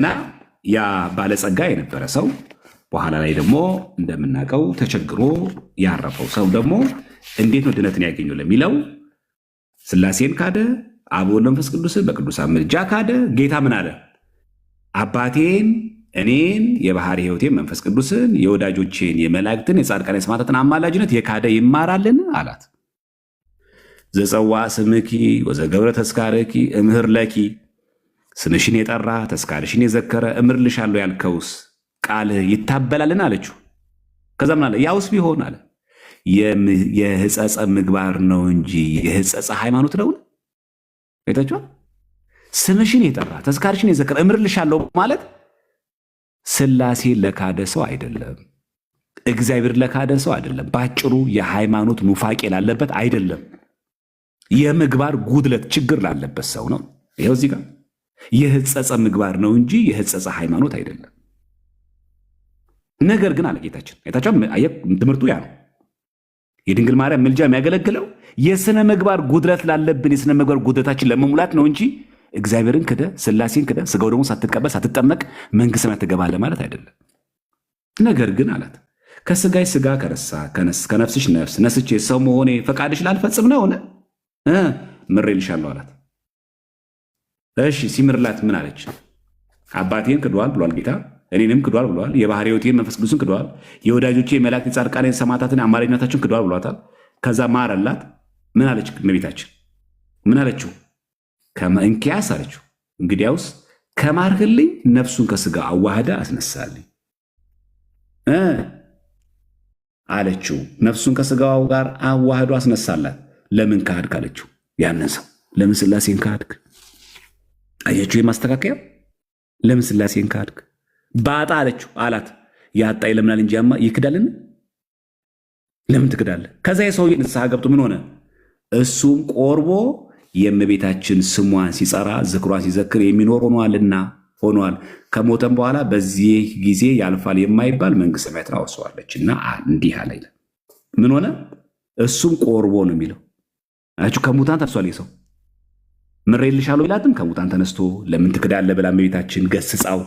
እና ያ ባለጸጋ የነበረ ሰው በኋላ ላይ ደግሞ እንደምናውቀው ተቸግሮ ያረፈው ሰው ደግሞ እንዴት ነው ድነትን ያገኘው ለሚለው ስላሴን ካደ፣ አብ ወልድ መንፈስ ቅዱስን በቅዱሳን ምልጃ ካደ። ጌታ ምን አለ? አባቴን እኔን የባህሪ ህይወቴን መንፈስ ቅዱስን የወዳጆቼን የመላእክትን የጻድቃን የሰማዕታትን አማላጅነት የካደ ይማራልን አላት። ዘጸዋ ስምኪ ወዘገብረ ተስካርኪ እምህር ለኪ ስምሽን የጠራ ተስካርሽን የዘከረ እምርልሻለሁ ያልከውስ ቃልህ ይታበላልን አለችው። ከዛ ምን አለ? ያውስ ቢሆን አለ የህጸጸ ምግባር ነው እንጂ የህጸጸ ሃይማኖት ነውን? ቤታችኋል ስምሽን የጠራ ተስካርሽን የዘከረ እምርልሻለሁ ማለት ስላሴ ለካደ ሰው አይደለም። እግዚአብሔር ለካደ ሰው አይደለም። ባጭሩ የሃይማኖት ኑፋቄ ላለበት አይደለም። የምግባር ጉድለት ችግር ላለበት ሰው ነው። ይኸው እዚህ ጋር የህጸጸ ምግባር ነው እንጂ የህጸጸ ሃይማኖት አይደለም። ነገር ግን አለ ጌታችን አይታቸው ትምህርቱ ያ ነው። የድንግል ማርያም ምልጃ የሚያገለግለው የስነ ምግባር ጉድለት ላለብን የስነ ምግባር ጉድለታችን ለመሙላት ነው እንጂ እግዚአብሔርን ክደ ስላሴን ክደ ስጋው ደግሞ ሳትቀበል ሳትጠመቅ መንግሥተ ሰማያት ትገባለህ ማለት አይደለም። ነገር ግን አላት ከስጋይ ስጋ ከረሳ ከነፍስሽ ነፍስ ነስቼ ሰው መሆኔ ፈቃድሽ ላልፈጽም ነው ሆነ ምሬልሻለሁ አላት። እሺ ሲምርላት ምን አለች? አባቴን ክዷል ብሏል ጌታ፣ እኔንም ክዷል ብሏል። የባህሪ መንፈስ ቅዱስን ክዷል። የወዳጆቼ የመላእክት የጻድቃኔን ሰማዕታትን አማላጅነታችን ክዷል ብሏታል። ከዛ ማረላት ምን አለች እመቤታችን? ምን አለችው? እንኪያስ አለችው እንግዲያውስ ከማርህልኝ ነፍሱን ከስጋ አዋህዳ አስነሳልኝ አለችው። ነፍሱን ከስጋው ጋር አዋህዶ አስነሳላት። ለምን ካድክ አለችው። ያንን ሰው ለምን ስላሴን ካድክ አየችው የማስተካከያ ለምን ስላሴን ካድክ? ባጣ አለችው አላት። ያጣ ይለምናል እንጂ ያማ ይክዳልን? ለምን ትክዳለህ? ከዛ የሰውዬ ንስሐ ገብቶ ምን ሆነ? እሱም ቆርቦ የእመቤታችን ስሟን ሲጸራ ዝክሯን ሲዘክር የሚኖር ሆኗልና ሆኗል። ከሞተም በኋላ በዚህ ጊዜ ያልፋል የማይባል መንግስት ሰማያትን አወርሰዋለች እና እንዲህ አለ ምን ሆነ? እሱም ቆርቦ ነው የሚለው አችሁ ከሙታን ተርሷል የሰው ምሬልሻለሁ ቢላትም ከሙታን ተነስቶ ለምን ትክዳለ ብላ እመቤታችን ገስጻው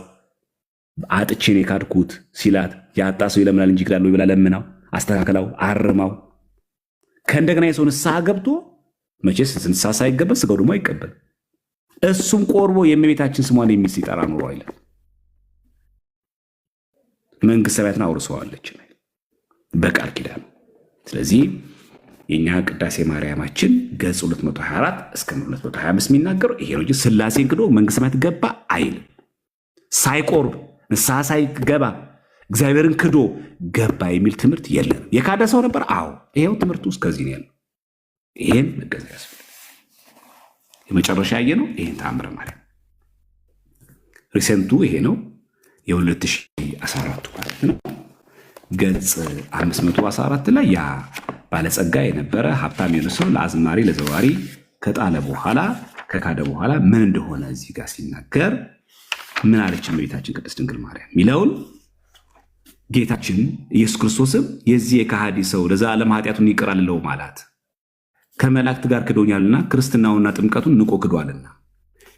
አጥቼን የካድኩት ሲላት ያጣ ሰው ይለምናል እንጂ ይክዳል ብላ ለምናው አስተካከላው አርማው ከእንደገና የሰው ንስሐ ገብቶ መቼስ ንስሐ ሳይገበል ስጋው ደግሞ አይቀበል እሱም ቆርቦ የእመቤታችን ስሟን የሚስ ይጠራ ኑሮ አይለ መንግስት ሰማያትን አውርሰዋለች በቃል ኪዳን ስለዚህ የእኛ ቅዳሴ ማርያማችን ገጽ 224 እስከ 225 የሚናገረው ይሄ ነው። ስላሴን ክዶ መንግሥተ ሰማያት ገባ አይል ሳይቆርብ ንስሐ ሳይገባ እግዚአብሔርን ክዶ ገባ የሚል ትምህርት የለም። የካደ ሰው ነበር። አዎ ይሄው ትምህርቱ እስከዚህ ነው ያለው። ይሄን መገዛ ያስፈል የመጨረሻ ያየ ነው። ይሄን ተአምረ ማርያም ሪሰንቱ ይሄ ነው የ2014 ማለት ነው ገጽ 514 ላይ ያ ባለጸጋ የነበረ ሀብታም የሆነ ሰው ለአዝማሪ ለዘዋሪ ከጣለ በኋላ ከካደ በኋላ ምን እንደሆነ እዚህ ጋር ሲናገር ምን አለች እመቤታችን ቅድስት ድንግል ማርያም የሚለውን ጌታችን ኢየሱስ ክርስቶስም የዚህ የካሃዲ ሰው ለዘላለም ኃጢአቱን ይቅር አልለውም አላት። ከመላእክት ጋር ክዶኛልና ክርስትናውና ጥምቀቱን ንቆ ክዷልና።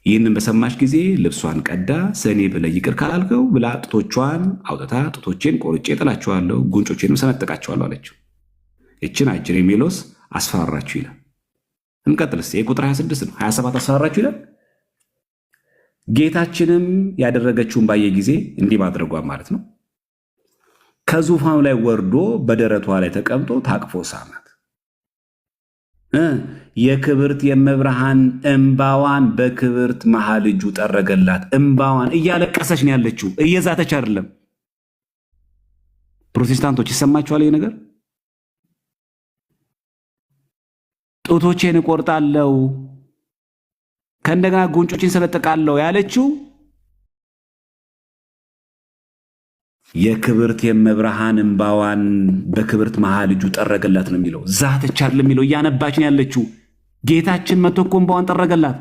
ይህንን በሰማች ጊዜ ልብሷን ቀዳ ሰኔ ብለ ይቅር ካላልከው ብላ ጡቶቿን አውጥታ ጡቶቼን ቆርጬ ጥላቸዋለሁ፣ ጉንጮቼንም ሰነጥቃቸዋለሁ አለችው። እችን አጭር የሚለውስ አስፈራራችሁ ይላል። እንቀጥልስ የቁጥር 26 ነው። 27 አስፈራራችሁ ይላል። ጌታችንም ያደረገችውን ባየ ጊዜ እንዲህ ማድረጓ ማለት ነው። ከዙፋኑ ላይ ወርዶ በደረቷ ላይ ተቀምጦ ታቅፎ ሳማት። የክብርት የመብርሃን እምባዋን በክብርት መሃል እጁ ጠረገላት። እምባዋን እያለቀሰች ነው ያለችው፣ እየዛተች አይደለም። ፕሮቴስታንቶች ይሰማችኋል ይህ ነገር። ጡቶቼን እቆርጣለሁ ከእንደገና ጉንጮችን ሰነጥቃለሁ ያለችው የክብርት የመብርሃን እምባዋን በክብርት መሃል እጁ ጠረገላት ነው የሚለው። ዛተች አይደል የሚለው እያነባችን ያለችው ጌታችን መቶ እኮ እምባዋን ጠረገላት።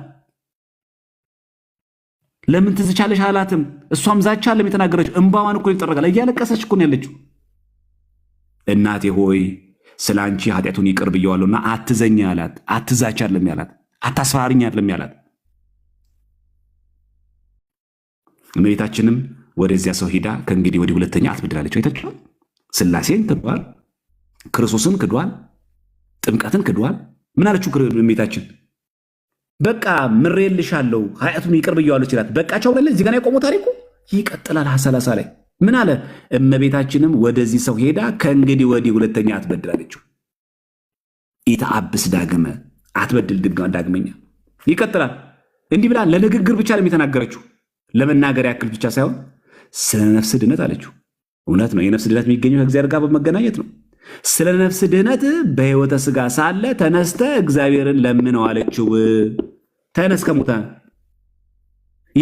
ለምን ትዝ አላትም። እሷም ዛቻ አለም የተናገረችው እምባዋን እኮ ይጠረጋል። እያለቀሰች እኮ ነው ያለችው። እናቴ ሆይ ስለ አንቺ ኃጢአቱን ይቅር ብየዋለሁና አትዘኝ አላት። አትዛች አለም ያላት፣ አታስፈሪኝ አለም ያላት። እመቤታችንም ወደዚያ ሰው ሂዳ ከእንግዲህ ወዲህ ሁለተኛ አትበድላለች። አይታችኋል። ስላሴን ክዷል፣ ክርስቶስን ክዷል፣ ጥምቀትን ክዷል። ምን አለችው እመቤታችን? በቃ ምሬልሻለሁ፣ ኃጢአቱን ይቅር ብየዋለሁ ይላት። በቃ ቻው ብላለች። እዚህ ጋር የቆመው ታሪኩ ይቀጥላል። ሀሰላሳ ላይ ምን አለ? እመቤታችንም ወደዚህ ሰው ሄዳ ከእንግዲህ ወዲህ ሁለተኛ አትበድል አለችው። ኢተአብስ ዳግመ አትበድል ዳግመኛ። ይቀጥላል እንዲህ ብላ ለንግግር ብቻ የተናገረችው ለመናገር ያክል ብቻ ሳይሆን ስለ ነፍስ ድነት አለችው። እውነት ነው፣ የነፍስ ድነት የሚገኘው ከእግዚአብሔር ጋር በመገናኘት ነው። ስለ ነፍስ ድህነት በሕይወተ ሥጋ ሳለ ተነስተ እግዚአብሔርን ለምነው አለችው። ተነስ ከሙታን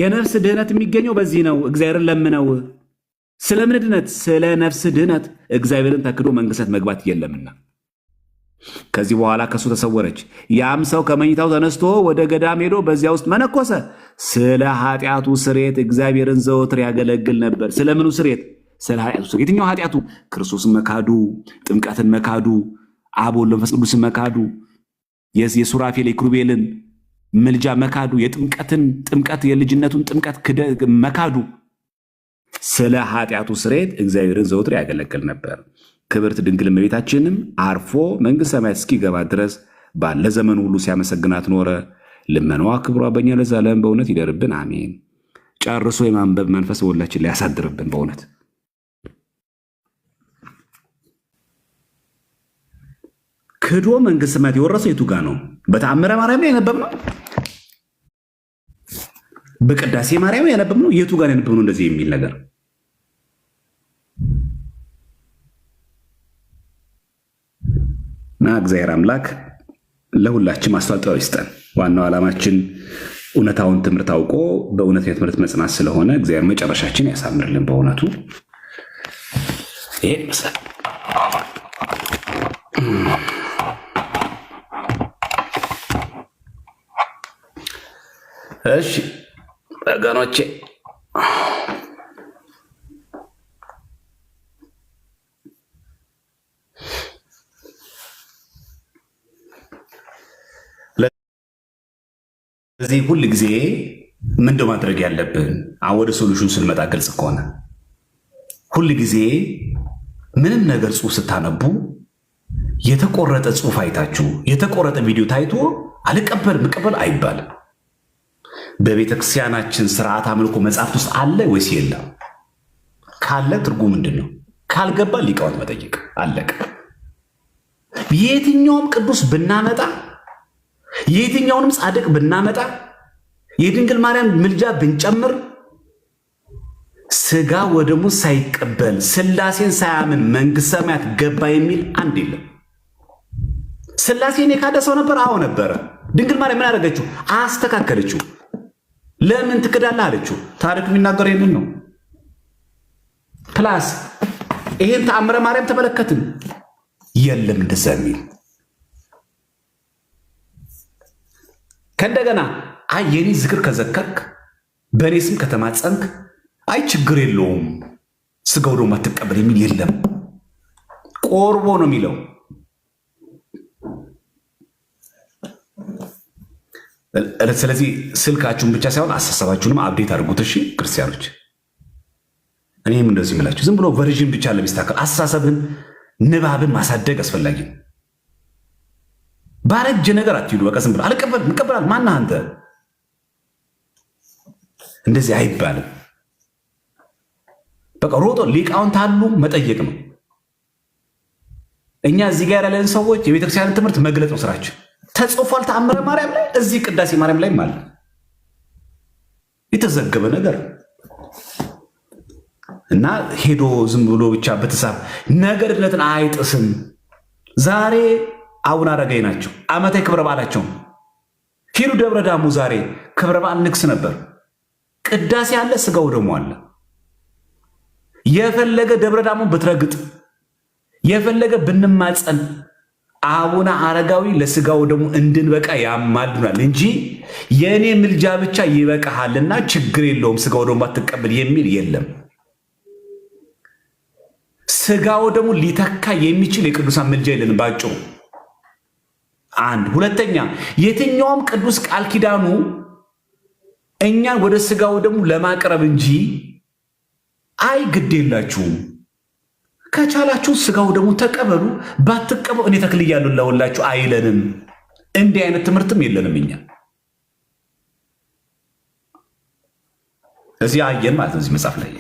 የነፍስ ድህነት የሚገኘው በዚህ ነው፣ እግዚአብሔርን ለምነው ስለ ምን ድነት? ስለ ነፍስ ድህነት እግዚአብሔርን ተክዶ መንግሥት መግባት የለምና። ከዚህ በኋላ ከእሱ ተሰወረች። ያም ሰው ከመኝታው ተነስቶ ወደ ገዳም ሄዶ በዚያ ውስጥ መነኮሰ። ስለ ኃጢአቱ ስሬት እግዚአብሔርን ዘወትር ያገለግል ነበር። ስለ ምኑ ስሬት? ስለ ኃጢአቱ ስሬት። የትኛው ኃጢአቱ? ክርስቶስን መካዱ፣ ጥምቀትን መካዱ፣ አብ ወልድ መንፈስ ቅዱስን መካዱ፣ የሱራፌል የኪሩቤልን ምልጃ መካዱ፣ የጥምቀትን ጥምቀት የልጅነቱን ጥምቀት መካዱ ስለ ኃጢአቱ ስርየት እግዚአብሔርን ዘውትር ያገለግል ነበር። ክብርት ድንግል እመቤታችንም አርፎ መንግሥተ ሰማያት እስኪገባ ድረስ ባለ ዘመን ሁሉ ሲያመሰግናት ኖረ። ልመናዋ ክብሯ በእኛ ለዘላለም በእውነት ይደርብን፣ አሜን። ጨርሶ የማንበብ መንፈስ በሁላችን ላይ ያሳድርብን በእውነት ክዶ መንግስት ሰማያት የወረሰው የቱ ጋ ነው? በተአምረ ማርያም ላይ ያነበብ ነው? በቅዳሴ ማርያም ያነበብ ነው? የቱ ጋር ነው? እንደዚህ የሚል ነገር እና እግዚአብሔር አምላክ ለሁላችን ማስታወቂያው ይስጠን። ዋናው ዓላማችን እውነታውን ትምህርት አውቆ በእውነት ትምህርት መጽናት ስለሆነ እግዚአብሔር መጨረሻችን ያሳምርልን። በእውነቱ ይሄ እሺ ወገኖቼ እዚህ ሁል ጊዜ ምንድ ማድረግ ያለብን ወደ ሶሉሽን ስንመጣ ግልጽ ከሆነ ሁል ጊዜ ምንም ነገር ጽሁፍ ስታነቡ የተቆረጠ ጽሁፍ አይታችሁ የተቆረጠ ቪዲዮ ታይቶ አልቀበል ምቀበል አይባልም። በቤተ ክርስቲያናችን ስርዓት አምልኮ መጽሐፍት ውስጥ አለ ወይስ የለም? ካለ ትርጉም ምንድን ነው? ካልገባ ሊቃውንት መጠየቅ አለቅ። የትኛውም ቅዱስ ብናመጣ የየትኛውንም ጻድቅ ብናመጣ የድንግል ማርያም ምልጃ ብንጨምር ስጋ ወደሙ ሳይቀበል ስላሴን ሳያምን መንግስት ሰማያት ገባ የሚል አንድ የለም። ስላሴን የካደ ሰው ነበር? አዎ ነበረ። ድንግል ማርያም ምን አደረገችው? አስተካከለችው። ለምን ትክዳለህ አለችው። ታሪክ የሚናገር ይህንን ነው። ፕላስ ይህን ተአምረ ማርያም ተመለከትን። የለም እንደዛ የሚል ከእንደገና አይ የኔ ዝክር ከዘከርክ በእኔ ስም ከተማጸንክ አይ ችግር የለውም ስጋው ደሞ አትቀበል የሚል የለም። ቆርቦ ነው የሚለው። ስለዚህ ስልካችሁን ብቻ ሳይሆን አሳሰባችሁንም አብዴት አድርጉት። እሺ ክርስቲያኖች፣ እኔም እንደዚህ ምላችሁ ዝም ብሎ ቨርዥን ብቻ ለሚስተካከል አሳሰብን ንባብን ማሳደግ አስፈላጊ ነው። ባረጀ ነገር አትሉ። በቃ ዝም ብለህ አልቀበልም እንቀበላል። ማነህ አንተ? እንደዚህ አይባልም። በቃ ሮጦ ሊቃውንት አሉ መጠየቅ ነው። እኛ እዚህ ጋር ያለን ሰዎች የቤተክርስቲያን ትምህርት መግለጥ ነው ስራችን። ተጽፏል ተአምረ ማርያም ላይ እዚህ ቅዳሴ ማርያም ላይም አለ የተዘገበ ነገር እና ሄዶ ዝም ብሎ ብቻ በተሳብ ነገር አይጥስም ዛሬ አቡነ አረጋዊ ናቸው። ዓመታዊ ክብረ በዓላቸው ሂዱ ደብረ ዳሙ። ዛሬ ክብረ በዓል ንግስ ነበር። ቅዳሴ አለ፣ ስጋው ደግሞ አለ። የፈለገ ደብረ ዳሙን ብትረግጥ የፈለገ ብንማፀን አቡነ አረጋዊ ለስጋው ደግሞ እንድንበቃ ያማልዱናል እንጂ የእኔ ምልጃ ብቻ ይበቃሃልና ችግር የለውም ስጋው ደግሞ ባትቀበል የሚል የለም። ስጋው ደግሞ ሊተካ የሚችል የቅዱሳን ምልጃ የለንም ባጭሩ። አንድ ሁለተኛ፣ የትኛውም ቅዱስ ቃል ኪዳኑ እኛን ወደ ስጋው ደግሞ ለማቅረብ እንጂ አይ ግድ የላችሁም ከቻላችሁ ስጋው ደግሞ ተቀበሉ፣ ባትቀበሉ እኔ ተክልያለሁ ለወላችሁ አይለንም። እንዲህ አይነት ትምህርትም የለንም እኛ እዚህ አየን ማለት ነው። እዚህ መጽሐፍ ላይ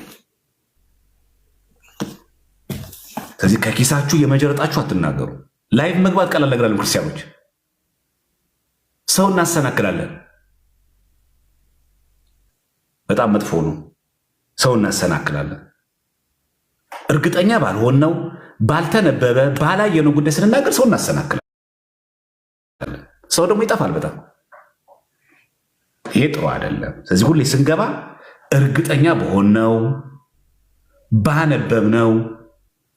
ከዚህ ከኪሳችሁ የመጀረጣችሁ አትናገሩ። ላይቭ መግባት ቀላል ነገር አለም ክርስቲያኖች ሰው እናሰናክላለን። በጣም መጥፎ ነው። ሰው እናሰናክላለን። እርግጠኛ ባልሆን ነው ባልተነበበ ባላየነው ጉዳይ ስንናገር ሰው እናሰናክላለን። ሰው ደግሞ ይጠፋል። በጣም ይሄ ጥሩ አይደለም። ስለዚህ ሁሌ ስንገባ እርግጠኛ በሆን ነው ባነበብ ነው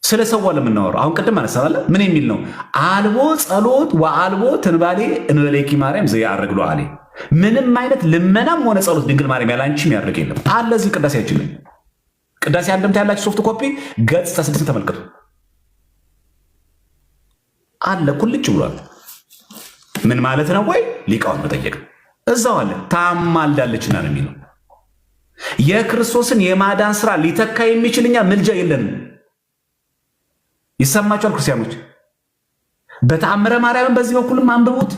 ስለ ሰው ለምናወራው አሁን ቅድም አነሳለ ምን የሚል ነው? አልቦ ጸሎት ወአልቦ ትንባሌ እንበለኪ ማርያም ዘያአርግ ሎአሌ ምንም አይነት ልመናም ሆነ ጸሎት ድንግል ማርያም ያላንቺ የሚያደርግ የለም አለ። እዚህ ቅዳሴያችን ላይ ቅዳሴ አንድምታ ያላችሁ ሶፍት ኮፒ ገጽ ስድስትን ተመልከቱ። አለ ኩልጭ ብሏል። ምን ማለት ነው? ወይ ሊቃውን መጠየቅ እዛው አለ። ታማልዳለችና ነው የሚለው የክርስቶስን የማዳን ስራ ሊተካ የሚችል እኛ ምልጃ የለንም። ይሰማቸዋል። ክርስቲያኖች በተአምረ ማርያምን በዚህ በኩልም አንብቡት።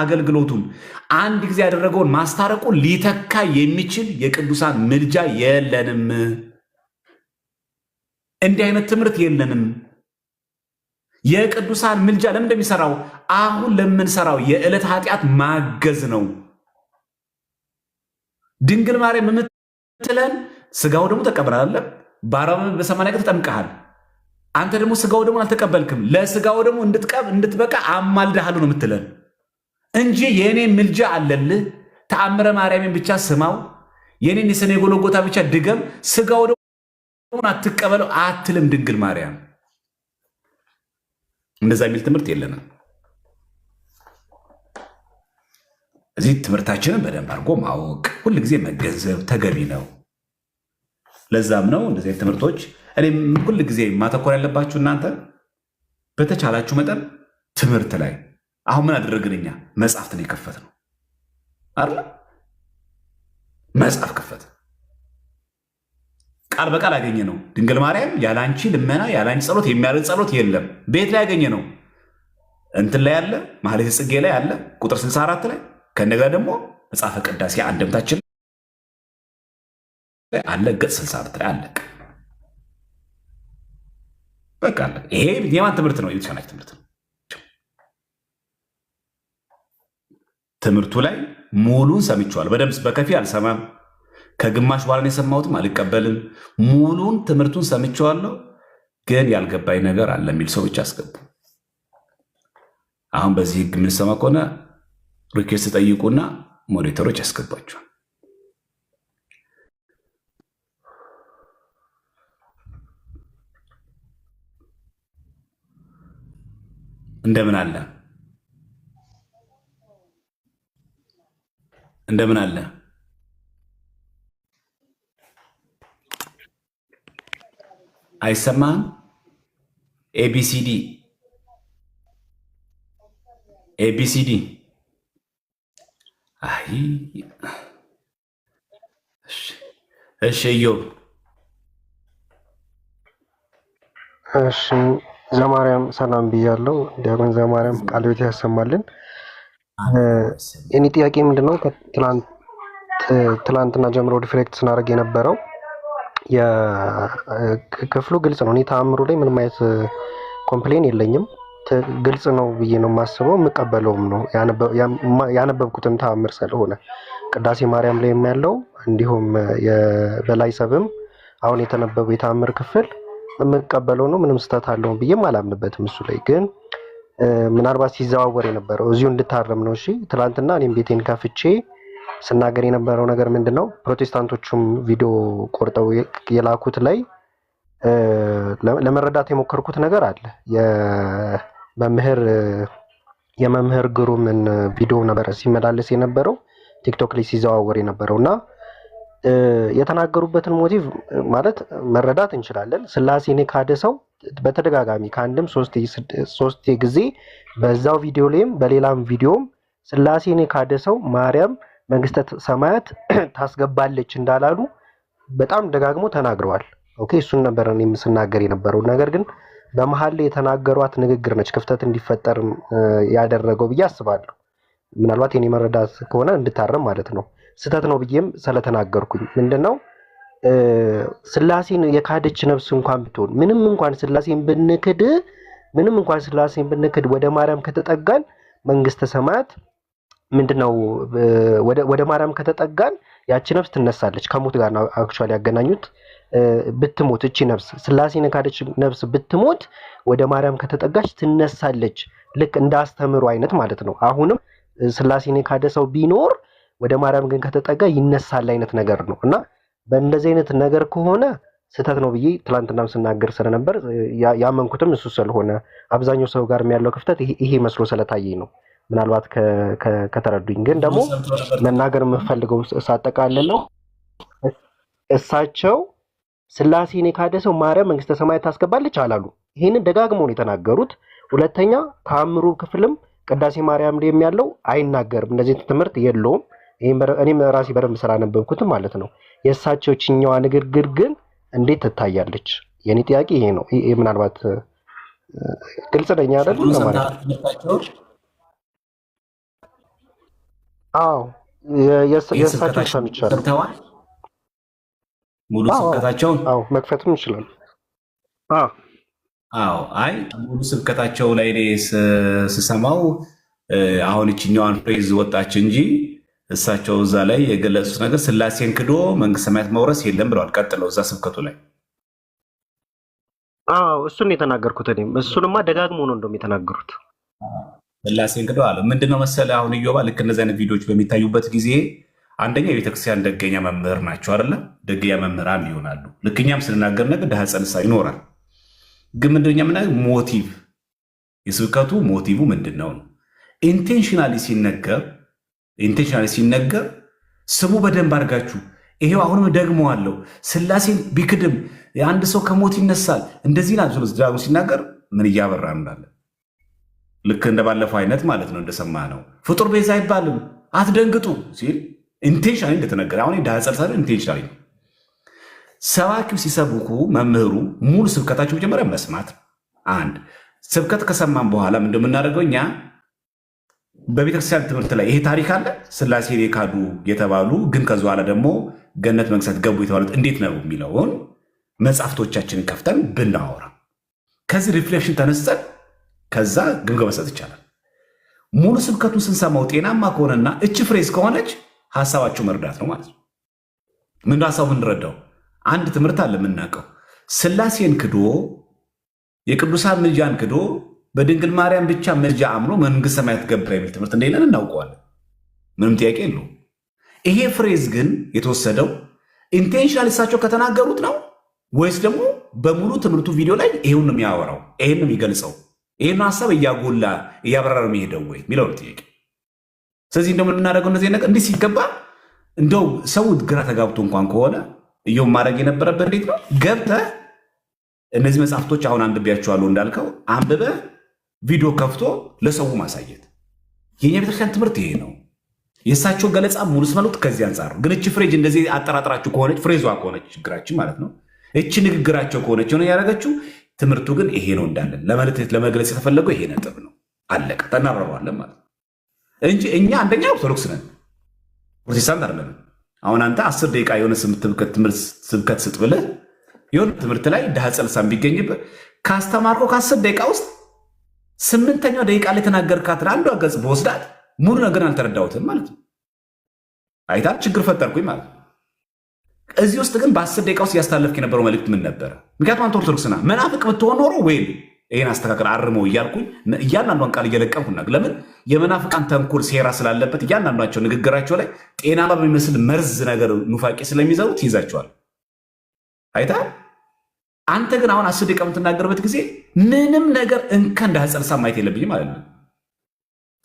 አገልግሎቱን አንድ ጊዜ ያደረገውን ማስታረቁ ሊተካ የሚችል የቅዱሳን ምልጃ የለንም። እንዲህ አይነት ትምህርት የለንም። የቅዱሳን ምልጃ ለምን እንደሚሰራው አሁን ለምንሰራው የዕለት ኃጢአት ማገዝ ነው። ድንግል ማርያም ጥለን ስጋው ደግሞ ተቀብለሃል በአርባ በሰማንያ ቀን ተጠምቀሃል። አንተ ደግሞ ስጋው ደግሞ አልተቀበልክም። ለስጋው ደግሞ እንድትቀብ እንድትበቃ አማልደሃሉ ነው የምትለን እንጂ የእኔ ምልጃ አለልህ። ተአምረ ማርያምን ብቻ ስማው፣ የኔን የሰኔ ጎልጎታ ብቻ ድገም፣ ስጋው ደግሞ አትቀበለው አትልም ድንግል ማርያም። እንደዛ የሚል ትምህርት የለንም። እዚህ ትምህርታችንን በደንብ አድርጎ ማወቅ ሁልጊዜ መገንዘብ ተገቢ ነው። ለዛም ነው እንደዚህ ትምህርቶች እኔም ሁልጊዜ ማተኮር ያለባችሁ እናንተ በተቻላችሁ መጠን ትምህርት ላይ አሁን ምን አደረግን እኛ? መጽሐፍትን የከፈት ነው አለ መጽሐፍ ከፈት ቃል በቃል አገኘ ነው። ድንግል ማርያም ያላንቺ ልመና ያላንቺ ጸሎት የሚያደርግ ጸሎት የለም። ቤት ላይ ያገኘ ነው። እንትን ላይ አለ፣ ማህሌተ ጽጌ ላይ አለ፣ ቁጥር 64 ላይ ከነጋ ደግሞ መጽሐፈ ቅዳሴ አንደምታችን አለ ገጽ ስልሳ አራት ላይ አለቅ በቃ ይሄ የማን ትምህርት ነው? የቤተሰናች ትምህርት ነው። ትምህርቱ ላይ ሙሉን ሰምቸዋል። በደምስ በከፊል አልሰማም፣ ከግማሽ በኋላ ነው የሰማሁትም አልቀበልም። ሙሉን ትምህርቱን ሰምቸዋለሁ፣ ግን ያልገባኝ ነገር አለ የሚል ሰው ብቻ አስገቡ። አሁን በዚህ ህግ የምንሰማ ከሆነ ሪኬስ ጠይቁና ሞኒተሮች ያስገባቸዋል። እንደምን አለ እንደምን አለ አይሰማም ኤቢሲዲ ኤቢሲዲ አይ እሺ፣ ኢዮብ እሺ። ዘማርያም ሰላም ብያለው። ዲያቆን ዘማርያም ቃለ ሕይወት ያሰማልን። እኔ ጥያቄ ምንድነው ከትላንትና ጀምሮ ሪፍሌክት ስናደርግ የነበረው ክፍሉ ግልጽ ነው። እኔ ተአምሩ ላይ ምንም አይነት ኮምፕሌን የለኝም። ግልጽ ነው ብዬ ነው የማስበው። የምቀበለውም ነው ያነበብኩትም ተአምር ስለሆነ ቅዳሴ ማርያም ላይም ያለው እንዲሁም በላይ ሰብም አሁን የተነበበው የተአምር ክፍል የምቀበለው ነው። ምንም ስህተት አለው ብዬም አላምንበትም። እሱ ላይ ግን ምናልባት ሲዘዋወር የነበረው እዚሁ እንድታረም ነው። እሺ ትላንትና እኔም ቤቴን ከፍቼ ስናገር የነበረው ነገር ምንድን ነው? ፕሮቴስታንቶቹም ቪዲዮ ቆርጠው የላኩት ላይ ለመረዳት የሞከርኩት ነገር አለ መምህር የመምህር ግሩምን ቪዲዮ ነበር ሲመላለስ የነበረው ቲክቶክ ላይ ሲዘዋወር የነበረው እና የተናገሩበትን ሞቲቭ ማለት መረዳት እንችላለን። ስላሴን የካደ ሰው በተደጋጋሚ ከአንድም ሶስቴ ጊዜ በዛው ቪዲዮ ላይም በሌላም ቪዲዮም ስላሴን የካደ ሰው ማርያም መንግስተ ሰማያት ታስገባለች እንዳላሉ በጣም ደጋግሞ ተናግረዋል። ኦኬ እሱን ነበረ እኔም ስናገር የነበረው ነገር ግን በመሀል ላይ የተናገሯት ንግግር ነች ክፍተት እንዲፈጠር ያደረገው ብዬ አስባለሁ። ምናልባት የኔ መረዳት ከሆነ እንድታረም ማለት ነው። ስህተት ነው ብዬም ስለተናገርኩኝ ምንድን ነው ስላሴን የካደች ነፍስ እንኳን ብትሆን ምንም እንኳን ስላሴን ብንክድ ምንም እንኳን ስላሴን ብንክድ ወደ ማርያም ከተጠጋን መንግስተ ሰማያት ምንድነው ወደ ማርያም ከተጠጋን ያቺ ነፍስ ትነሳለች። ከሞት ጋር አክቹዋሊ ያገናኙት ብትሞት እቺ ነፍስ ስላሴን የካደች ነፍስ ብትሞት ወደ ማርያም ከተጠጋች ትነሳለች። ልክ እንደ አይነት ማለት ነው። አሁንም ስላሴን ካደ ሰው ቢኖር ወደ ማርያም ግን ከተጠጋ ይነሳል አይነት ነገር ነው እና በእንደዚህ አይነት ነገር ከሆነ ስህተት ነው ብዬ ትላንትናም ስናገር ስለነበር ያመንኩትም እሱ ስለሆነ አብዛኛው ሰው ጋር ያለው ክፍተት ይሄ መስሎ ስለታየኝ ነው። ምናልባት ከተረዱኝ ግን ደግሞ መናገር የምፈልገው ሳጠቃልለው እሳቸው ስላሴን የካደ ሰው ማርያም መንግስተ ሰማያት ታስገባለች አላሉ። ይህንን ደጋግመው ነው የተናገሩት። ሁለተኛ ተአምሩ ክፍልም ቅዳሴ ማርያም ላይም ያለው አይናገርም። እንደዚህ ትምህርት የለውም። እኔም ራሴ በደንብ ስራ ስላነበብኩትም ማለት ነው። የእሳቸው ችኛዋ ንግግር ግን እንዴት ትታያለች? የእኔ ጥያቄ ይሄ ነው። ምናልባት ግልጽ ነኝ አይደል? አዎ የእሳቸው ሰምቻለሁ። ሙሉ ስብከታቸውን መክፈትም ይችላል። አዎ አይ ሙሉ ስብከታቸው ላይ እኔ ስሰማው አሁን ይችኛዋን ፍሬዝ ወጣች እንጂ እሳቸው እዛ ላይ የገለጹት ነገር ስላሴን ክዶ መንግስት ሰማያት መውረስ የለም ብለዋል። ቀጥለው እዛ ስብከቱ ላይ አዎ እሱን የተናገርኩት እኔም እሱንማ ደጋግሞ ነው እንደውም የተናገሩት። ስላሴን ክዶ አለ ምንድነው መሰለ አሁን እዮባ ልክ እነዚህ አይነት ቪዲዮዎች በሚታዩበት ጊዜ አንደኛው የቤተክርስቲያን ደገኛ መምህር ናቸው አደለ? ደገኛ መምህራን ይሆናሉ። ልክኛም ስንናገር ነገር ድሀ ጸንሳ ይኖራል። ግን ምንድነኛ ምና ሞቲቭ የስብከቱ ሞቲቭ ምንድን ነው ኢንቴንሽናሊ ሲነገር ኢንቴንሽናሊ ሲነገር ስሙ በደንብ አድርጋችሁ ይሄው አሁንም ደግሞ አለው ስላሴን ቢክድም አንድ ሰው ከሞት ይነሳል እንደዚህ ና ዳሩ ሲናገር ምን እያበራ እንዳለ ልክ እንደባለፈው አይነት ማለት ነው እንደሰማ ነው ፍጡር ቤዛ አይባልም አትደንግጡ ሲል ኢንቴንሽናሊ እንደተነገረ አሁን ዳጸር ሳለ ኢንቴንሽናሊ ነው። ሰባኪው ሲሰብኩ መምህሩ ሙሉ ስብከታቸው መጀመሪያ መስማት አንድ ስብከት ከሰማን በኋላ እንደምናደርገው እኛ በቤተክርስቲያን ትምህርት ላይ ይሄ ታሪክ አለ። ስላሴን የካዱ የተባሉ ግን ከዚ በኋላ ደግሞ ገነት መንግስት ገቡ የተባሉት እንዴት ነው የሚለውን መጽሐፍቶቻችንን ከፍተን ብናወራ ከዚህ ሪፍሌክሽን ተነስተን ከዛ ግምገማ መስጠት ይቻላል። ሙሉ ስብከቱን ስንሰማው ጤናማ ከሆነና እች ፍሬዝ ከሆነች ሀሳባችሁ መርዳት ነው ማለት ነው። ምን ሀሳቡ እንረዳው። አንድ ትምህርት አለ የምናውቀው ስላሴን ክዶ የቅዱሳን ምልጃን ክዶ በድንግል ማርያም ብቻ ምልጃ አምኖ መንግስት ሰማያት ገባ የሚል ትምህርት እንደሌለን እናውቀዋለን። ምንም ጥያቄ የለው። ይሄ ፍሬዝ ግን የተወሰደው ኢንቴንሽናል እሳቸው ከተናገሩት ነው ወይስ ደግሞ በሙሉ ትምህርቱ ቪዲዮ ላይ ይሄውን ነው የሚያወራው? ይሄን ነው የሚገልጸው? ይሄን ሀሳብ እያጎላ እያብራራ ነው የሚሄደው ወይ የሚለው ጥያቄ ስለዚህ እንደው የምናደርገው እንደዚህ ነገር እንዲህ ሲገባ እንደው ሰው ግራ ተጋብቶ እንኳን ከሆነ እዮም ማድረግ የነበረበት እንዴት ነው ገብተህ እነዚህ መጽሐፍቶች አሁን አንብቤያቸዋለሁ እንዳልከው አንብበህ ቪዲዮ ከፍቶ ለሰው ማሳየት የኛ ቤተክርስቲያን ትምህርት ይሄ ነው። የእሳቸው ገለጻ ሙሉ ስመሉት ከዚህ አንጻር ግን እች ፍሬጅ እንደዚህ አጠራጥራችሁ ከሆነች ፍሬዟ ከሆነች ችግራችን ማለት ነው እች ንግግራቸው ከሆነች ሆነ ያደረገችው ትምህርቱ ግን ይሄ ነው እንዳለን ለመግለጽ የተፈለገው ይሄ ነጥብ ነው። አለቀ። ተናረሯለን ማለት ነው። እንጂ እኛ አንደኛ ኦርቶዶክስ ነን፣ ፕሮቴስታንት አይደለም። አሁን አንተ አስር ደቂቃ የሆነ ስብከት ስጥ ብለህ የሆነ ትምህርት ላይ ድሃ ጸልሳ ቢገኝበት ካስተማርከው ከአስር ደቂቃ ውስጥ ስምንተኛው ደቂቃ ላይ የተናገርካትን አንዷ ገጽ በወስዳት ሙሉ ነገር አልተረዳሁትም ማለት ነው። አይታል ችግር ፈጠርኩኝ ማለት ነው። እዚህ ውስጥ ግን በአስር ደቂቃ ውስጥ እያስታለፍክ የነበረው መልእክት ምን ነበረ? ምክንያቱም አንተ ኦርቶዶክስና መናፍቅ ብትሆን ኖሮ ወይም ይህን አስተካከል አርመው እያልኩኝ እያንዳንዷን ቃል እየለቀምኩና ለምን የመናፍቃን ተንኮል ሴራ ስላለበት እያንዳንዷቸው ንግግራቸው ላይ ጤናማ በሚመስል መርዝ ነገር ኑፋቄ ስለሚዘሩት ይዛቸዋል አይታ አንተ ግን አሁን አስር ደቂቃ የምትናገርበት ጊዜ ምንም ነገር እንከ እንዳህፀልሳ ማየት የለብኝም ማለት ነው።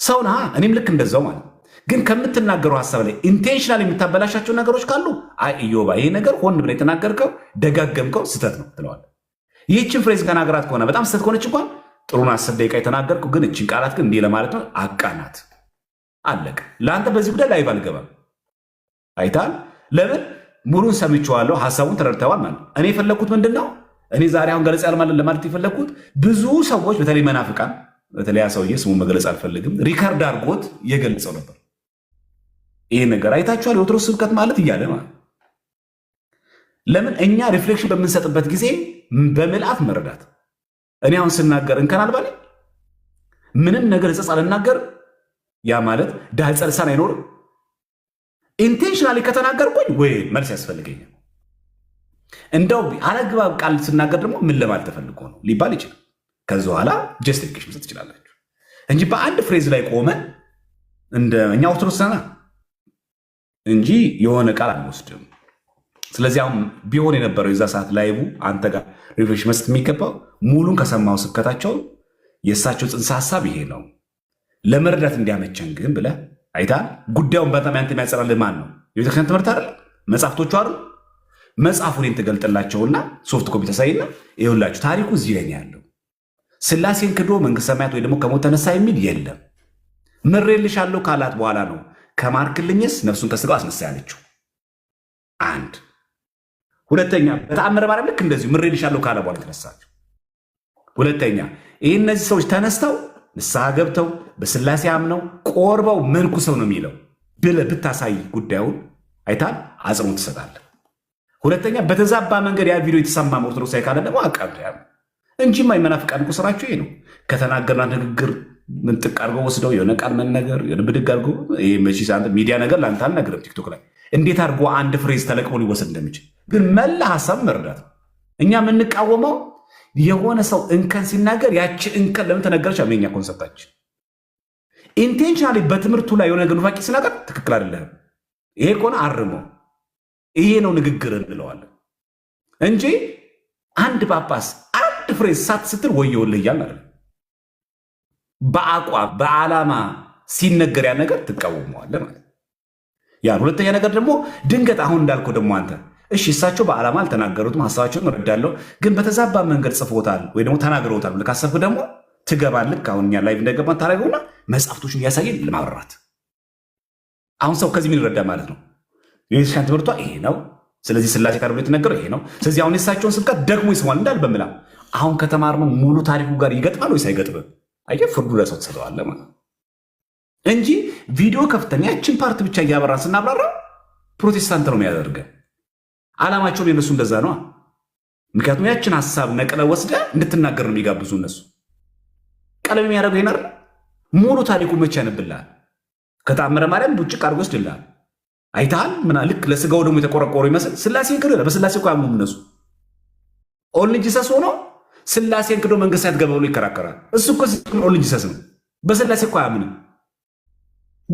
ሰው ነሃ እኔም ልክ እንደዛው ማለት ነው። ግን ከምትናገረው ሀሳብ ላይ ኢንቴንሽናል የምታበላሻቸው ነገሮች ካሉ አይ እዮባ ይሄ ነገር ሆን ብለህ የተናገርከው ደጋገምከው ስህተት ነው ትለዋለህ። ይህችን ፍሬዝ ከናገራት ከሆነ በጣም ስህተት ከሆነች እንኳን ጥሩን አስር ደቂቃ የተናገርኩ ግን እችን ቃላት ግን እንዲህ ለማለት ነው አቃናት። አለቀ። ለአንተ በዚህ ጉዳይ ላይቭ አልገባም። አይታል። ለምን ሙሉን ሰምቼዋለሁ፣ ሀሳቡን ተረድተዋል ማለት ነው። እኔ የፈለግኩት ምንድን ነው? እኔ ዛሬ አሁን ገለጽ ያልማለን ለማለት የፈለግኩት ብዙ ሰዎች በተለይ መናፍቃን፣ በተለይ ሰውዬ ስሙን መግለጽ አልፈልግም፣ ሪከርድ አድርጎት የገለጸው ነበር። ይህ ነገር አይታችኋል፣ የወትሮ ስብከት ማለት እያለ ማለት ለምን እኛ ሪፍሌክሽን በምንሰጥበት ጊዜ በምልአት መረዳት። እኔ አሁን ስናገር እንከን አልባ ምንም ነገር ሕጸጽ አልናገርም። ያ ማለት ዳጸ ልሳን አይኖርም። ኢንቴንሽናሊ ከተናገርኩኝ ወይ መልስ ያስፈልገኛል። እንደው አለግባብ ቃል ስናገር ደግሞ ምን ለማለት ተፈልጎ ነው ሊባል ይችላል። ከዚ በኋላ ጀስቲፊኬሽን መስጠት ትችላላችሁ እንጂ በአንድ ፍሬዝ ላይ ቆመን እንደ እኛ ኦርቶዶክስና እንጂ የሆነ ቃል አንወስድም። ስለዚህ አሁን ቢሆን የነበረው የዛ ሰዓት ላይቡ አንተ ጋር ሌሎች መስጠት የሚገባው ሙሉን ከሰማው ስብከታቸውን የእሳቸው ጽንሰ ሀሳብ ይሄ ነው ለመረዳት እንዲያመቸን ግን ብለ አይታ ጉዳዩን በጣም ያንተ የሚያጸራልህ ማን ነው? የቤተክርስቲያን ትምህርት አይደል? መጽሐፍቶቹ አይደል? መጽሐፉን ትገልጥላቸውና ሶፍት ኮፒ ተሳይና ይኸውላችሁ ታሪኩ እዚህ ላይ ያለው ስላሴን ክዶ መንግስት ሰማያት ወይ ደግሞ ከሞት ተነሳ የሚል የለም። ምሬልሻለሁ ካላት በኋላ ነው ከማርክልኝስ ነፍሱን ከስጋው አስነሳ ያለችው አንድ ሁለተኛ በተአምረ ማርያም ልክ እንደዚሁ ምሬልሻለሁ ካለ በኋላ የተነሳቸው። ሁለተኛ ይህ እነዚህ ሰዎች ተነስተው ንስሐ ገብተው በስላሴ አምነው ቆርበው መልኩ ሰው ነው የሚለው ብለ ብታሳይ ጉዳዩን አይታል አጽኖ ትሰጣለህ። ሁለተኛ በተዛባ መንገድ ያ ቪዲዮ የተሰማ ኦርቶዶክሳዊ ካለ ደግሞ አቃብ እንጂማ የመናፍቃን እኮ ስራቸው ይሄ ነው። ከተናገርና ንግግር ምንጥቅ አድርጎ ወስደው የሆነ ቃል መነገር የሆነ ብድግ አድርጎ ይህ ሚዲያ ነገር ለአንተ አልነግርም። ቲክቶክ ላይ እንዴት አድርጎ አንድ ፍሬዝ ተለቅሞ ሊወሰድ እንደሚችል ግን መላ ሀሳብ መረዳት ነው። እኛ የምንቃወመው የሆነ ሰው እንከን ሲናገር ያቺ እንከን ለምን ተነገረች? አመኛ ኮንሰፕታችን ኢንቴንሽናሊ በትምህርቱ ላይ የሆነ ነገር ሲናገር ትክክል አይደለም፣ ይሄ ከሆነ አርመው ይሄ ነው ንግግር እንለዋለን እንጂ አንድ ጳጳስ አንድ ፍሬ ሳት ስትል ወየውልህ እያል አይደለም። በአቋ በዓላማ ሲነገር ያ ነገር ትቃወመዋለህ ማለት ያን። ሁለተኛ ነገር ደግሞ ድንገት አሁን እንዳልከው ደግሞ አንተ እሺ እሳቸው በዓላማ አልተናገሩትም፣ ሀሳባቸውን እረዳለሁ። ግን በተዛባ መንገድ ጽፎታል ወይ ደግሞ ተናግረውታል ብለህ ካሰብክ ደግሞ ትገባልክ። አሁን እኛ ላይ እንደገባ ታደርገውና መጽሐፍቶችን እያሳየን ለማብራራት አሁን ሰው ከዚህ የሚረዳ ማለት ነው። የቤተክርስቲያን ትምህርቷ ይሄ ነው። ስለዚህ ስላሴ ካር የተነገረው ይሄ ነው። ስለዚህ አሁን የእሳቸውን ስብከት ደግሞ ይስማል እንዳል በምላ አሁን ከተማርነው ሙሉ ታሪኩ ጋር ይገጥማል ወይስ አይገጥምም? አየህ፣ ፍርዱ ለሰው ትሰጠዋለህ ማለት እንጂ ቪዲዮ ከፍተን ያችን ፓርት ብቻ እያበራን ስናብራራ ፕሮቴስታንት ነው የሚያደርገን ዓላማቸውም የነሱ እንደዛ ነው። ምክንያቱም ያችን ሀሳብ ነቅለ ወስደ እንድትናገር ነው የሚጋብዙ እነሱ። ቀለም የሚያደርጉ ይነር ሙሉ ታሪኩ መቼ ያነብልሃል? ከታምረ ማርያም ቡጭቅ አድርጎ ይወስድልሃል። አይተሃል? ምና ልክ ለስጋው ደግሞ የተቆረቆሩ ይመስል ስላሴን ክዶ በስላሴ እኮ ያምኑም እነሱ። ኦንሊ ጂሰስ ሆኖ ስላሴን ክዶ መንግስት ያትገባ ብሎ ይከራከራል። እሱ እኮ ኦንሊ ጂሰስ ነው። በስላሴ እኮ አያምንም።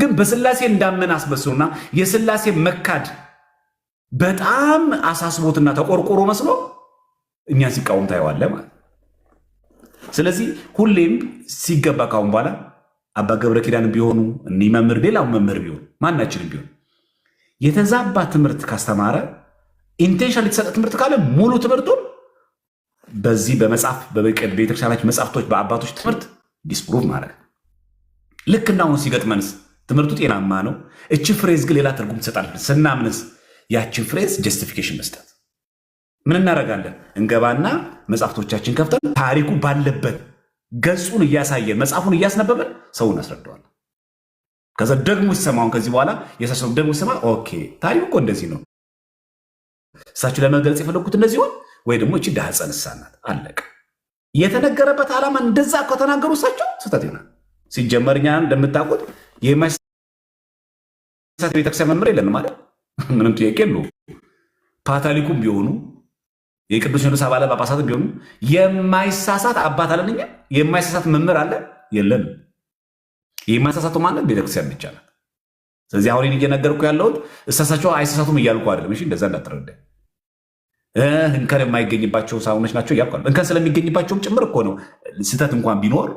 ግን በስላሴ እንዳመን አስመስሉና የስላሴ መካድ በጣም አሳስቦትና ተቆርቆሮ መስሎ እኛን ሲቃወም ታየዋለ ማለት። ስለዚህ ሁሌም ሲገባ ካሁን በኋላ አባ ገብረ ኪዳን ቢሆኑ እኒህ መምህር፣ ሌላው መምህር ቢሆኑ ማናችንም ቢሆን የተዛባ ትምህርት ካስተማረ ኢንቴንሽን የተሰጠ ትምህርት ካለ ሙሉ ትምህርቱን በዚህ በመጽሐፍ በቤተክርስቲያናችን መጽሐፍቶች በአባቶች ትምህርት ዲስፕሩቭ ማድረግ ልክ እንዳሁኑ ሲገጥመንስ ትምህርቱ ጤናማ ነው። እች ፍሬዝ ግን ሌላ ትርጉም ትሰጣል ስናምንስ ያችን ፍሬዝ ጀስቲፊኬሽን መስጠት ምን እናደርጋለን? እንገባና መጽሐፍቶቻችን ከፍተን ታሪኩ ባለበት ገጹን እያሳየን መጽሐፉን እያስነበበን ሰውን አስረዳዋለን። ከዛ ደግሞ ሲሰማ ከዚህ በኋላ የሳቸው ደግሞ ሲሰማ ኦኬ ታሪኩ እኮ እንደዚህ ነው፣ እሳቸው ለመግለጽ የፈለግኩት እንደዚህ ሆን ወይ ደግሞ እቺ ዳህፀ ንስሐ አለቀ። የተነገረበት ዓላማ እንደዛ ከተናገሩ እሳቸው ስህተት ይሆናል። ሲጀመር እኛ እንደምታውቁት የማይሳት ቤተክርስቲያን መምህር የለን ማለት ምንም ጥያቄ የለውም። ፓታሊኩም ቢሆኑ የቅዱስ ሲኖዶስ አባለ ጳጳሳትም ቢሆኑ የማይሳሳት አባት አለን። እኛ የማይሳሳት መምህር አለ የለን። የማይሳሳቱ ማለት ቤተክርስቲያን ብቻ ናት። ስለዚህ አሁን እየነገርኩ ያለሁት እሳሳቸው አይሳሳቱም እያልኩ አይደለም። እሺ እንደዛ እንዳትረዳ። እንከን የማይገኝባቸው ሳሙኖች ናቸው እያልኩ እንከን ስለሚገኝባቸውም ጭምር እኮ ነው። ስህተት እንኳን ቢኖር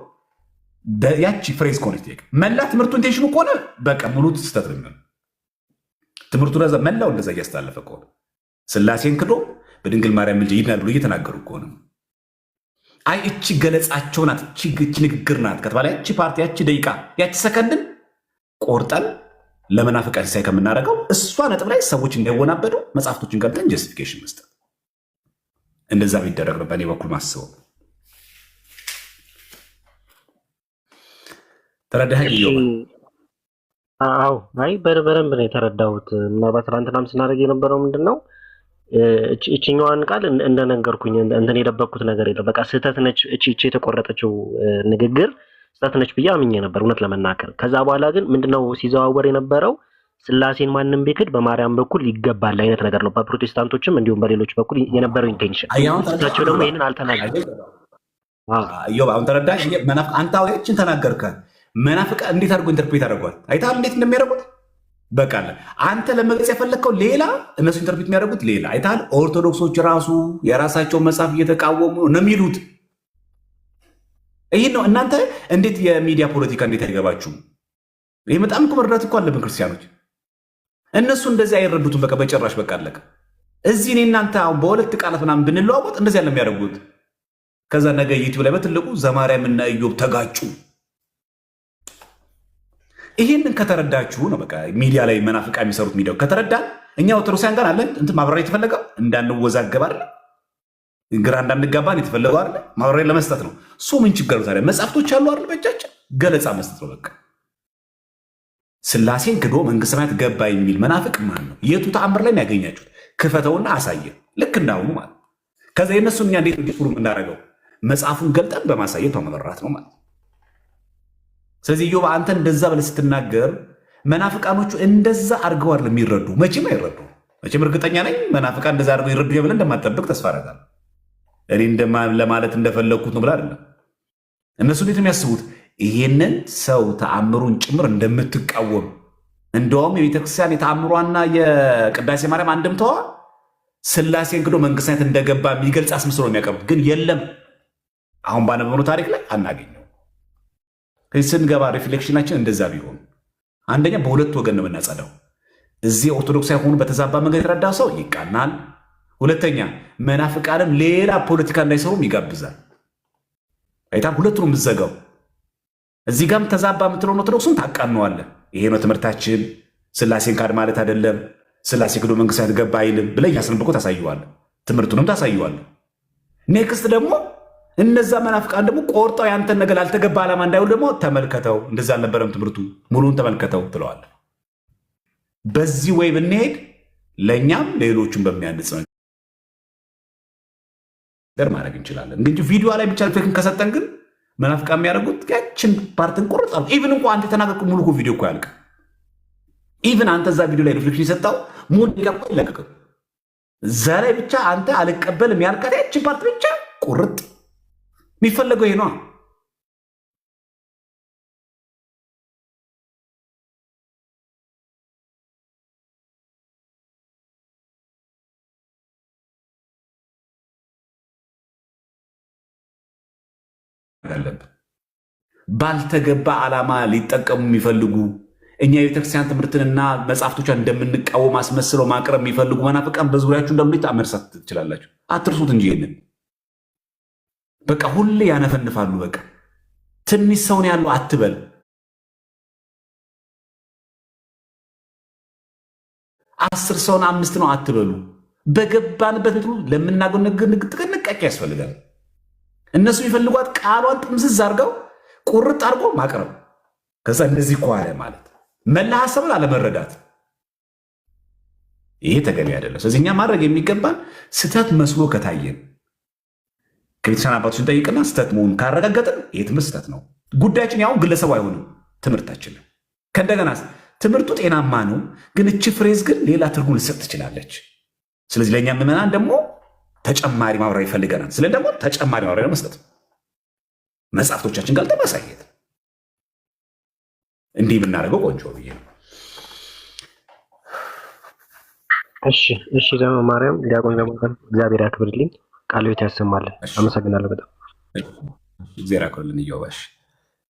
ያቺ ፍሬዝ ከሆነች መላ ትምህርቱ ኢንቴንሽኑ ከሆነ በቃ ሙሉ ስህተት ነው። ትምህርቱ መላው እንደዛ እያስተላለፈ ከሆነ ስላሴን ክዶ በድንግል ማርያም ልጅ ይድናል ብሎ እየተናገሩ ከሆነ አይ እቺ ገለጻቸው ናት፣ እቺ ንግግር ናት ከተባለ ያቺ ፓርቲ፣ ያቺ ደቂቃ፣ ያቺ ሰከንድን ቆርጠን ለመናፍቃ ሲሳይ ከምናደርገው እሷ ነጥብ ላይ ሰዎች እንዳይወናበዱ መጽሐፍቶችን ገብተን ጀስቲፊኬሽን መስጠት እንደዛ የሚደረግ ነው። በእኔ በኩል ማስበው ተረዳህ? አዎ አይ በደንብ ነው የተረዳሁት። ምናልባት ትናንትናም ስናደርግ የነበረው ምንድን ነው እችኛዋን ቃል እንደነገርኩኝ እንትን የደበቅኩት ነገር የለም። በቃ ስህተት ነች እቺ እቺ የተቆረጠችው ንግግር ስህተት ነች ብዬ አምኜ ነበር እውነት ለመናገር። ከዛ በኋላ ግን ምንድነው ሲዘዋወር የነበረው ስላሴን ማንም ቢክድ በማርያም በኩል ይገባል አይነት ነገር ነው። በፕሮቴስታንቶችም እንዲሁም በሌሎች በኩል የነበረው ኢንቴንሽን እሳቸው ደግሞ ይህንን አልተናገሩም። አሁን ተረዳሽ? መናፍቅ አንተ አውሬዎችን ተናገርከ መናፍቃ እንዴት አድርጎ ኢንተርፕሬት አድርጓል። አይተሃል እንዴት እንደሚያደርጉት በቃ አንተ ለመግለጽ የፈለግከው ሌላ፣ እነሱ ኢንተርፕሬት የሚያደርጉት ሌላ። አይተሃል ኦርቶዶክሶች ራሱ የራሳቸውን መጽሐፍ እየተቃወሙ ነው የሚሉት። ይህ ነው እናንተ እንዴት የሚዲያ ፖለቲካ እንዴት አይገባችሁም? ይህ በጣም እኮ መረዳት እኮ አለብን ክርስቲያኖች። እነሱ እንደዚህ አይረዱትም። በቃ በጭራሽ በቃ አለቀ። እዚህ እኔ እናንተ አሁን በሁለት ቃላት ምናምን ብንለዋወጥ እንደዚህ ያለ የሚያደርጉት ከዛ ነገ ዩቲዩብ ላይ በትልቁ ዘማርያምና ኢዮብ ተጋጩ ይህንን ከተረዳችሁ ነው በቃ ሚዲያ ላይ መናፍቃ የሚሰሩት ሚዲያው ከተረዳ እኛ ኦርቶዶክሳን ጋር አለን እንትን ማብራሪያ የተፈለገው እንዳንወዛገብ አለ ግራ እንዳንጋባን የተፈለገው አለ ማብራሪያ ለመስጠት ነው። እሱ ምን ችግር ነው ታዲያ? መጽሐፍቶች አሉ አለ በእጃችን ገለጻ መስጠት ነው በቃ። ስላሴን ክዶ መንግስተ ሰማያት ገባ የሚል መናፍቅ ማን ነው? የቱ ተአምር ላይ ያገኛችሁት? ክፈተውና አሳየ። ልክ እንዳሁኑ ማለት ከዚ የነሱ እኛ እንዴት እንዲህ ሁሉ የምናደርገው መጽሐፉን ገልጠን በማሳየት መመራት ነው ማለት ስለዚህ ኢዮብ አንተ እንደዛ ብለህ ስትናገር መናፍቃኖቹ እንደዛ አድርገው አይደለም የሚረዱ፣ መቼም አይረዱ። መቼም እርግጠኛ ነኝ መናፍቃ እንደዛ አድርገው ይረዱ ብለህ እንደማጠብቅ ተስፋ አደርጋለሁ። እኔ ለማለት እንደፈለግኩት ነው ብለህ አይደለም። እነሱ እንዴት የሚያስቡት? ይሄንን ሰው ተአምሩን ጭምር እንደምትቃወም እንደውም የቤተክርስቲያን የተአምሯና የቅዳሴ ማርያም አንድምታዋ ስላሴ እንግዶ መንግስት እንደገባ የሚገልጽ አስመስሎ የሚያቀርቡት ግን የለም። አሁን ባነበብነው ታሪክ ላይ አናገኝ ስንገባ ሪፍሌክሽናችን እንደዛ ቢሆን አንደኛ በሁለት ወገን ነው የምናጸዳው። እዚህ ኦርቶዶክስ ሳይሆኑ በተዛባ መንገድ የተረዳ ሰው ይቃናል። ሁለተኛ መናፍቃንም ሌላ ፖለቲካ እንዳይሰሩም ይጋብዛል። አይታም ሁለቱ ነው የምዘጋው። እዚህ ጋም ተዛባ የምትለውን ኦርቶዶክሱን ታቃነዋለን። ይሄ ነው ትምህርታችን። ስላሴን ካድ ማለት አይደለም። ስላሴ ክዶ መንግስት ገባ አይልም ብለህ እያስነብቆ ታሳየዋለ። ትምህርቱንም ታሳየዋለ ኔክስት ደግሞ እነዛ መናፍቃን ደግሞ ቆርጠው ያንተን ነገር ላልተገባ ዓላማ እንዳይሆን ደግሞ ተመልከተው፣ እንደዛ አልነበረም ትምህርቱ፣ ሙሉን ተመልከተው ትለዋል። በዚህ ወይ ብንሄድ ለእኛም ሌሎቹን በሚያንጽ ነገር ማድረግ እንችላለን። እንግዲህ ቪዲዮ ላይ ብቻ ፌክን ከሰጠን ግን መናፍቃ የሚያደርጉት ያችን ፓርትን ቁርጥ ኢቭን እንኳ አንተ የተናገርኩ ሙሉ ቪዲዮ እኮ ያልቅ ኢቭን አንተ እዛ ቪዲዮ ላይ ሪፍሌክሽን የሰጠው ሙሉ ጋ አይለቀቅም። እዛ ላይ ብቻ አንተ አልቀበልም ያልቃት ያችን ፓርት ብቻ ቁርጥ የሚፈለገው ይሄ ነው። ባልተገባ ዓላማ ሊጠቀሙ የሚፈልጉ እኛ የቤተክርስቲያን ትምህርትንና መጽሐፍቶቿን እንደምንቃወም አስመስለው ማቅረብ የሚፈልጉ መናፍቃን በዙሪያችሁ እንደምን መርሳት ትችላላችሁ። አትርሱት እንጂ ይህንን በቃ ሁሌ ያነፈንፋሉ። በቃ ትንሽ ሰውን ያለው አትበል፣ አስር ሰውን አምስት ነው አትበሉ። በገባንበት ቤት ለምናገው ጥንቃቄ ያስፈልጋል። እነሱ የሚፈልጓት ቃሏን ጥምዝዝ አድርገው ቁርጥ አድርጎ ማቅረብ፣ ከዛ እንደዚህ ከዋለ ማለት መላ ሀሳብን አለመረዳት፣ ይሄ ተገቢ አይደለም። ስለዚህ እኛ ማድረግ የሚገባን ስህተት መስሎ ከታየን ከቤተሰብ አባቶች እንጠይቅና ስህተት መሆኑን ካረጋገጥን የትምህርት ስህተት ነው። ጉዳያችን ያው ግለሰቡ አይሆንም። ትምህርታችን ከእንደገና ትምህርቱ ጤናማ ነው፣ ግን እች ፍሬዝ ግን ሌላ ትርጉም ልሰጥ ትችላለች። ስለዚህ ለእኛ ምዕመናን ደግሞ ተጨማሪ ማብራሪያ ይፈልገናል። ስለ ደግሞ ተጨማሪ ማብራሪያ መስጠት መጽሐፍቶቻችን ጋር ተመሳየት እንዲህ የምናደርገው ቆንጆ ብዬ ነው። እሺ እሺ፣ ዘመ ማርያም ዲያቆን ዘመ እግዚአብሔር ያክብርልኝ። ቃልዮት ያሰማልን። አመሰግናለሁ በጣም እግዚአብሔር አክብርልን እየዋባሽ